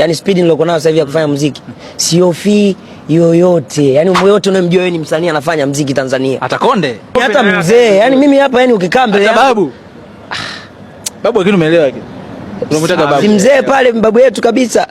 yani speed nilokuwa nayo sasa hivi ya kufanya muziki siofi yoyote yani, yoyote unayemjua wewe ni msanii anafanya muziki Tanzania, hata konde, hata mzee. Yani mimi hapa, yani ukikaa mbele babu babu, lakini umeelewa kile ah, babu, si mzee pale, babu yetu kabisa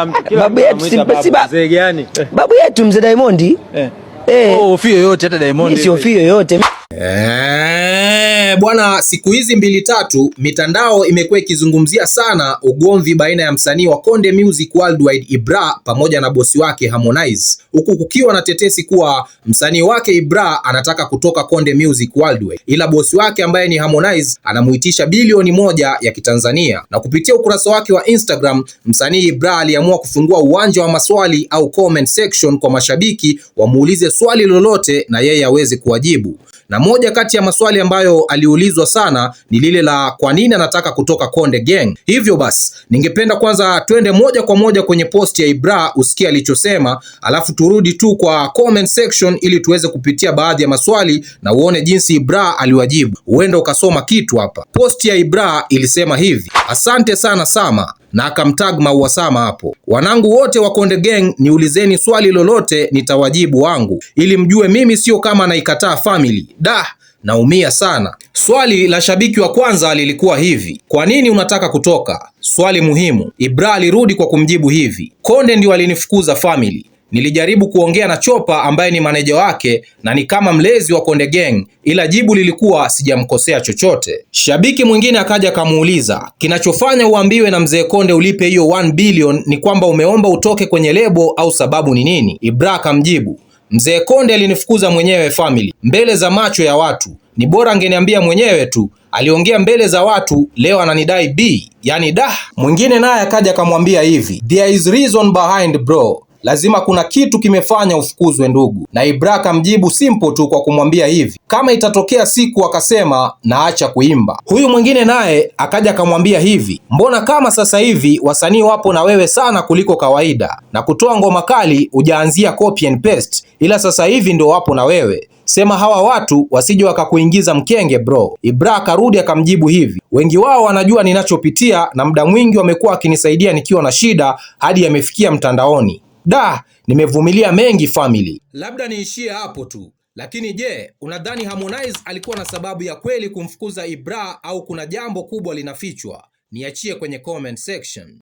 yaani, babu yetu mzee gani? babu yetu mzee Diamond, eh, eh. oh, siofi yoyote hata Diamond siofi yoyote Eee, bwana, siku hizi mbili tatu mitandao imekuwa ikizungumzia sana ugomvi baina ya msanii wa Konde Music Worldwide Ibra pamoja na bosi wake Harmonize, huku kukiwa na tetesi kuwa msanii wake Ibra anataka kutoka Konde Music Worldwide, ila bosi wake ambaye ni Harmonize anamuitisha bilioni moja ya Kitanzania. Na kupitia ukurasa wake wa Instagram, msanii Ibra aliamua kufungua uwanja wa maswali au comment section kwa mashabiki, wamuulize swali lolote na yeye aweze kuwajibu na moja kati ya maswali ambayo aliulizwa sana ni lile la kwa nini anataka kutoka Konde Gang. Hivyo basi, ningependa kwanza twende moja kwa moja kwenye post ya Ibra usikie alichosema, alafu turudi tu kwa comment section ili tuweze kupitia baadhi ya maswali na uone jinsi Ibra aliwajibu, huenda ukasoma kitu hapa. Post ya Ibra ilisema hivi: asante sana Sama na akamtag Sama hapo. Wanangu wote wa Konde Gang, niulizeni swali lolote nitawajibu wangu, ili mjue mimi sio kama naikataa family. Da, naumia sana. Swali la shabiki wa kwanza lilikuwa hivi: kwa nini unataka kutoka? Swali muhimu. Ibra alirudi kwa kumjibu hivi: Konde ndio alinifukuza family Nilijaribu kuongea na Chopa ambaye ni maneja wake na ni kama mlezi wa Konde Gang, ila jibu lilikuwa sijamkosea chochote. Shabiki mwingine akaja akamuuliza, kinachofanya uambiwe na mzee Konde ulipe hiyo 1 billion ni kwamba umeomba utoke kwenye lebo au sababu ni nini? Ibra akamjibu, mzee Konde alinifukuza mwenyewe family, mbele za macho ya watu, ni bora angeniambia mwenyewe tu aliongea mbele za watu, leo ananidai B, yani dah. Mwingine naye akaja akamwambia hivi, there is reason behind bro Lazima kuna kitu kimefanya ufukuzwe ndugu. Na Ibra akamjibu simple tu kwa kumwambia hivi, kama itatokea siku akasema naacha kuimba. Huyu mwingine naye akaja akamwambia hivi, mbona kama sasa hivi wasanii wapo na wewe sana kuliko kawaida, na kutoa ngoma kali hujaanzia copy and paste, ila sasa hivi ndio wapo na wewe sema hawa watu wasije wakakuingiza mkenge bro. Ibra akarudi akamjibu hivi, wengi wao wanajua ninachopitia na muda mwingi wamekuwa wakinisaidia nikiwa na shida hadi yamefikia mtandaoni. Da, nimevumilia mengi family. Labda niishie hapo tu. Lakini je, unadhani Harmonize alikuwa na sababu ya kweli kumfukuza Ibra au kuna jambo kubwa linafichwa? Niachie kwenye comment section.